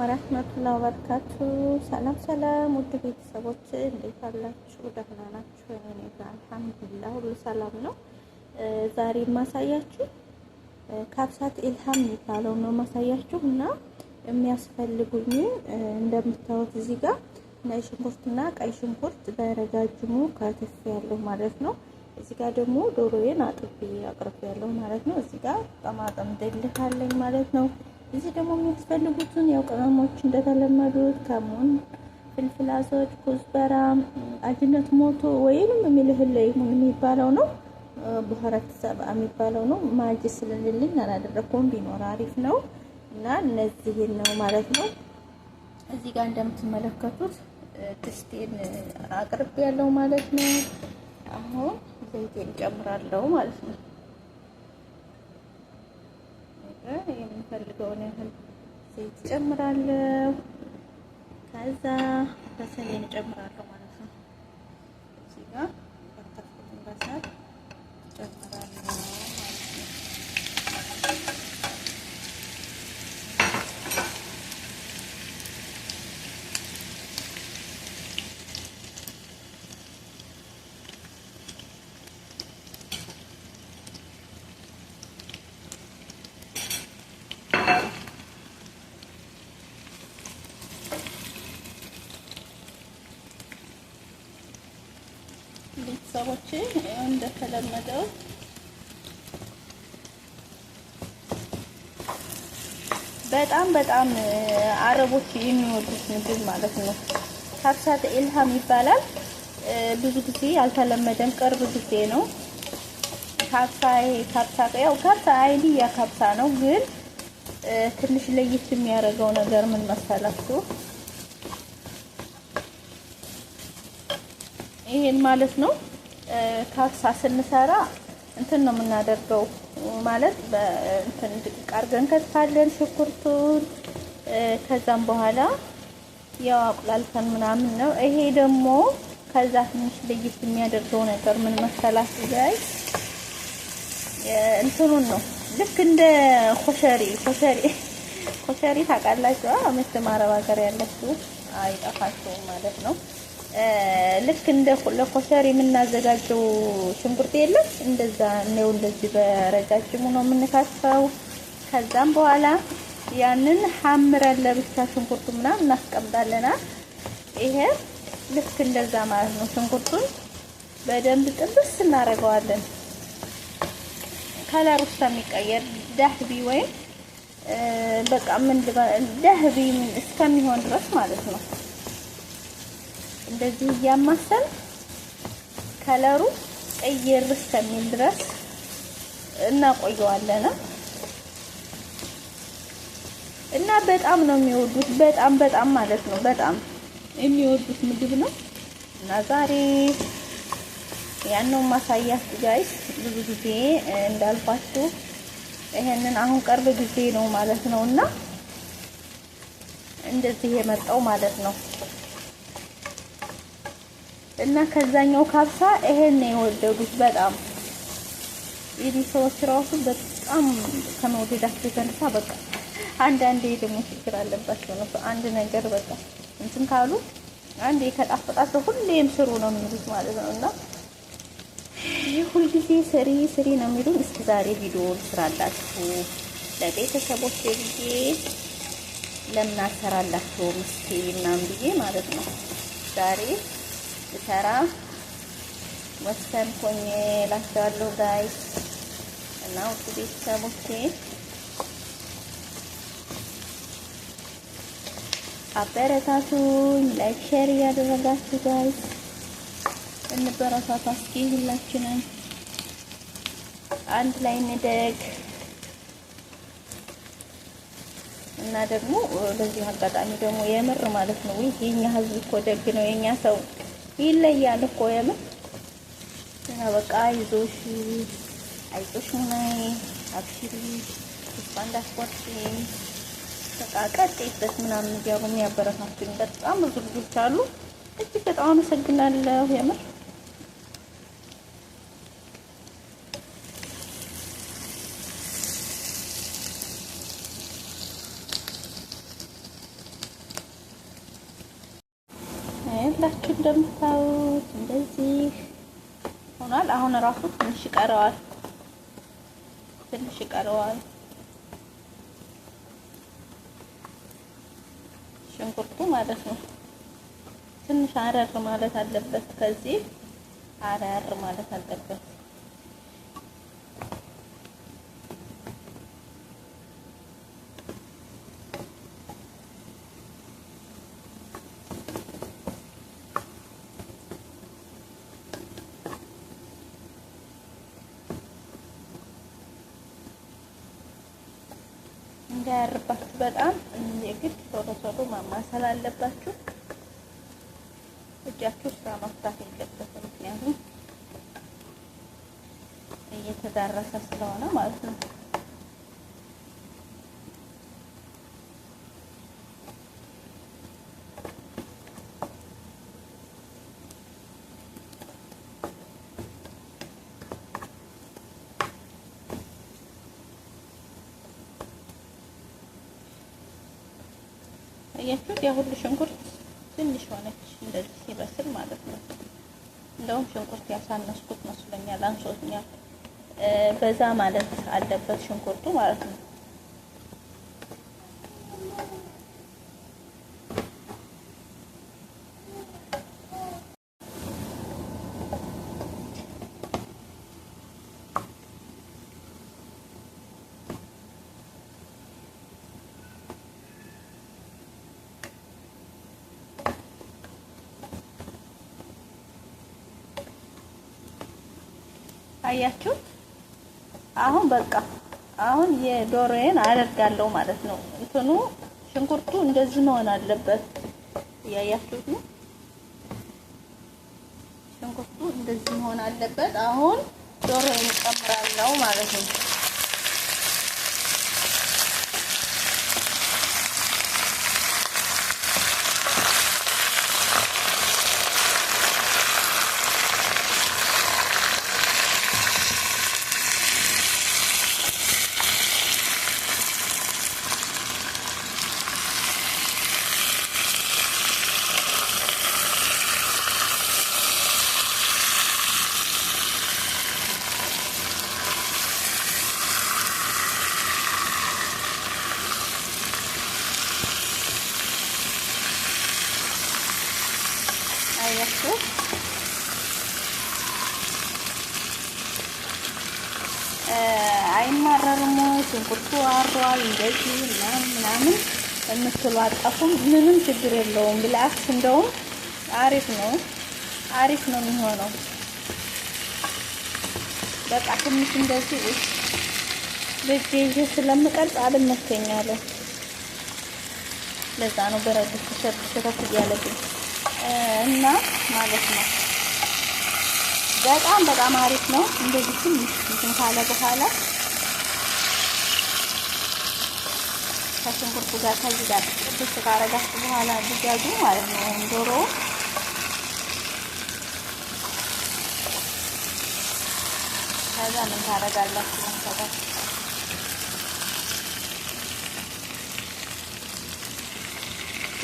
ወረህመቱላሂ ወበረካቱ። ሰላም ሰላም፣ ውድ ቤተሰቦች እንዴት አላችሁ? ደህና ናችሁ? እኔ ጋር አልሐምዱሊላህ ሁሉ ሰላም ነው። ዛሬ የማሳያችሁ ካብሳት ኢልሃም የሚባለው ነው ማሳያችሁ እና የሚያስፈልጉኝ እንደምታዩት እዚህ ጋር ነጭ ሽንኩርትና ቀይ ሽንኩርት በረጃጅሙ ከትፍ ያለው ማለት ነው። እዚህ ጋር ደግሞ ዶሮዬን አጥቤ አቅርቤ ያለው ማለት ነው። እዚህ ጋር ጠማጠም ደልሃለኝ ማለት ነው። እዚህ ደግሞ የሚያስፈልጉትን ያው ቅመሞች እንደተለመዱት ከሙን፣ ፍልፍል አዘዋጅ፣ ኮዝበራ፣ አጅነት ሞቶ ወይንም የሚልህል ይሁን የሚባለው ነው። በሁለት ሰባ የሚባለው ነው። ማጅ ስለሌለኝ አላደረኩም። ቢኖር አሪፍ ነው እና እነዚህን ነው ማለት ነው። እዚህ ጋር እንደምትመለከቱት ድስቴን አቅርቤ ያለው ማለት ነው። አሁን ዘይቴን ጨምራለሁ ማለት ነው። የምፈልገውን ያህል ዘይት ጨምራለሁ። ከዛ በሰሌን ጨምራለሁ ቤተሰቦቼ እንደተለመደው በጣም በጣም አረቦች የሚወዱት ምግብ ማለት ነው። ሀብሳት ኢልሃም ይባላል። ብዙ ጊዜ አልተለመደም፣ ቅርብ ጊዜ ነው። ሀብሳ ካብሳ ያው ካብሳ አይዲያ ካብሳ ነው። ግን ትንሽ ለየት የሚያደርገው ነገር ምን መሰላችሁ? ይሄን ማለት ነው ካክሳ ስንሰራ እንትን ነው የምናደርገው ማለት እንትን ድቅቅ አድርገን ከትፋለን ሽኩርቱን ከዛም በኋላ ያው አቁላልተን ምናምን ነው። ይሄ ደግሞ ከዛ ትንሽ ለየት የሚያደርገው ነገር ምን መሰላችሁ? ላይ እንትኑን ነው ልክ እንደ ኮሸሪ ኮሸሪ ኮሸሪ ታውቃላችሁ መቼም አረብ ሀገር ያለችው አይጠፋችሁም ማለት ነው። ልክ እንደ ለኮሰር የምናዘጋጀው ሽንኩርት የለም እንደዛ ነው። እንደዚህ በረጃጅሙ ነው የምንካተው። ከዛም በኋላ ያንን ሀምረን ለብቻ ሽንኩርቱ ምናምን እናስቀምጣለና ይሄ ልክ እንደዛ ማለት ነው። ሽንኩርቱን በደንብ ጥብስ እናደርገዋለን። ከለሩ እስከሚቀየር ደህቢ ወይም በቃ ምን ደህቢ እስከሚሆን ድረስ ማለት ነው። እንደዚህ እያማሰል ከለሩ ቀይር እስከሚል ድረስ እናቆየዋለን እና በጣም ነው የሚወዱት። በጣም በጣም ማለት ነው በጣም የሚወዱት ምግብ ነው እና ዛሬ ያነው ማሳያት ጋይስ። ብዙ ጊዜ እንዳልኳችሁ ይሄንን አሁን ቅርብ ጊዜ ነው ማለት ነው እና እንደዚህ የመጣው ማለት ነው። እና ከዛኛው ካብሳ ይሄን ነው የወደዱት በጣም ይሄ ሰዎች ራሱ በጣም ከመውደዳቸው የተነሳ በቃ አንዳንዴ ደግሞ ችግር አለባቸው ነው። አንድ ነገር በቃ እንትን ካሉ አንዴ ከጣፈጣቸው ሁሌም ስሩ ነው የሚሉት ማለት ነው። እና ሁልጊዜ ስሪ ስሪ ነው የሚሉን። እስከ ዛሬ ቪዲዮ ልስራላችሁ ለቤተሰቦች ብዬ ለምን አሰራላችሁ እስኪ ምናምን ብዬ ማለት ነው ዛሬ ብሰራ ወሰን ኮኝ ላቸዋለሁ ጋይስ እና ውድ ቤተሰቦቼ አበረታቱኝ። ላይክ ሼር እያደረጋችሁ ጋይስ እንበረታታ እስኪ ሁላችንም አንድ ላይ እንደግ እና ደግሞ በዚህ አጋጣሚ ደግሞ የምር ማለት ነው የኛ ህዝብ እኮ ደግ ነው የኛ ሰው ይለያል እኮ የምን እና በቃ ይዞሽ አይዞሽ ነይ አብሽሪ ተስፋ እንዳትቆርጪ በቃ ቀጥይበት ምናምን እያሉ የሚያበረታቱኝ በጣም ብዙ ልጆች አሉ። እጅግ በጣም አመሰግናለሁ የምር ሁላችሁ እንደምታዩት እንደዚህ ሆኗል። አሁን እራሱ ትንሽ ይቀረዋል፣ ትንሽ ይቀረዋል። ሽንኩርቱ ማለት ነው። ትንሽ አረር ማለት አለበት፣ ከዚህ አረር ማለት አለበት። እንዳያርባችሁ በጣም የግድ ቶሎ ቶሎ ማማሰል አለባችሁ። እጃችሁ ስራ መፍታት የለበትም፣ ምክንያቱም እየተዳረሰ ስለሆነ ማለት ነው። አያችሁት? ያ ሁሉ ሽንኩርት ትንሽ ሆነች እንደዚህ ሲበስል ማለት ነው። እንደውም ሽንኩርት ያሳነስኩት መስሎኛል፣ አንሶኛል። በዛ ማለት አለበት ሽንኩርቱ ማለት ነው። አያችሁ። አሁን በቃ አሁን የዶሮዬን አደርጋለሁ ማለት ነው። እንትኑ ሽንኩርቱ እንደዚህ መሆን አለበት። እያያችሁት ነው። ሽንኩርቱ እንደዚህ መሆን አለበት። አሁን ዶሮዬን እጨምራለሁ ማለት ነው። ሽንኩርቱ አሯል እንደዚህ ምናምን ምናምን የምትሉ አጠፉም ምንም ችግር የለውም። ብላክስ እንደውም አሪፍ ነው አሪፍ ነው የሚሆነው። በቃ ትንሽ እንደዚህ በእጄ ይዤ ስለምቀርጽ አልመቸኛለሁ። ለዛ ነው በረድፍ ሸርት ሸርት እያለብኝ እና ማለት ነው። በጣም በጣም አሪፍ ነው። እንደዚህ ትንሽ ካለ በኋላ ከሽንኩርቱ ጋር ከዚህ ጋር ጥብስ ካረጋችሁ በኋላ ድጃጁ ማለት ነው ወይም ዶሮ ከዛ ምን ታረጋላችሁ መሰላችሁ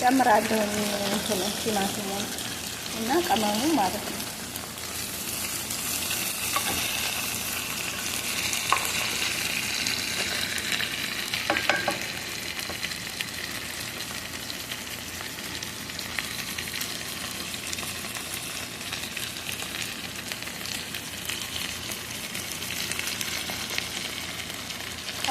ጨምራለሁ ቲማቲሙን እና ቅመሙ ማለት ነው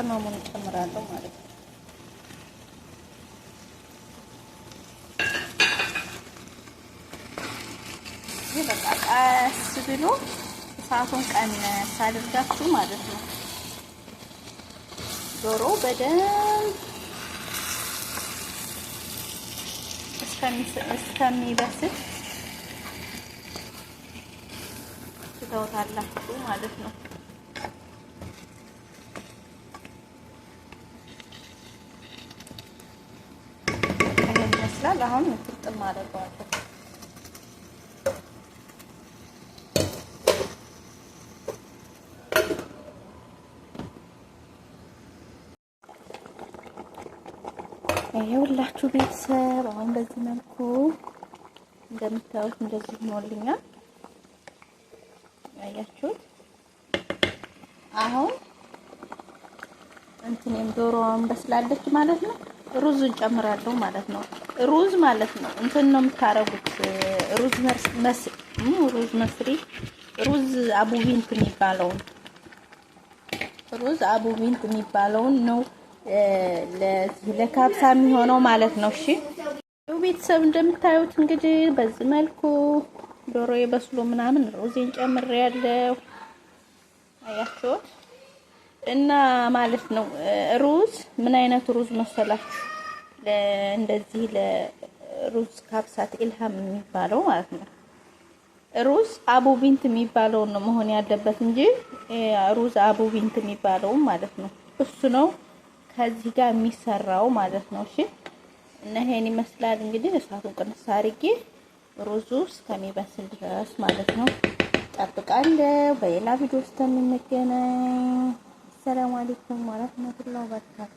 ቅመሙን እጨምራለሁ ማለት ነው። ይህ በቃ ቀስ ብሎ እሳቱን ቀነስ አድርጋችሁ ማለት ነው። ዶሮ በደንብ እስከሚበስል ትተውታላችሁ ማለት ነው። ይመስላል። አሁን ምጥጥም አደርገዋለሁ። የሁላችሁ ቤተሰብ አሁን በዚህ መልኩ እንደምታዩት እንደዚህ ሆኖልኛል። ያያችሁት አሁን እንትኔም ዶሮዋን በስላለች ማለት ነው። ሩዙን ጨምራለሁ ማለት ነው። ሩዝ ማለት ነው። እንትን ነው የምታረጉት ሩዝ መስ ሩዝ መስሪ ሩዝ አቡቢንት የሚባለውን ሩዝ አቡቢንት የሚባለውን ነው ለዚህ ለካብሳ የሚሆነው ማለት ነው። እሺ ቤተሰብ እንደምታዩት እንግዲህ በዚህ መልኩ ዶሮ የበስሎ ምናምን ሩዝን ጨምሬ ያለው አያችሁት እና ማለት ነው ሩዝ ምን አይነት ሩዝ መሰላችሁ? እንደዚህ ለሩዝ ካብሳት ኢልሃም የሚባለው ማለት ነው። ሩዝ አቡ ቢንት የሚባለውን ነው መሆን ያለበት እንጂ ሩዝ አቡ ቢንት የሚባለው ማለት ነው። እሱ ነው ከዚህ ጋር የሚሰራው ማለት ነው። እሺ እና ይሄን ይመስላል እንግዲህ እሳቱን ቅንስ አድርጌ ሩዙ እስከሚበስል ድረስ ማለት ነው ጠብቃለሁ። በሌላ ቪዲዮ ውስጥ የምንገናኝ። ሰላም አለይኩም ወራህመቱላሂ ወበረካቱ።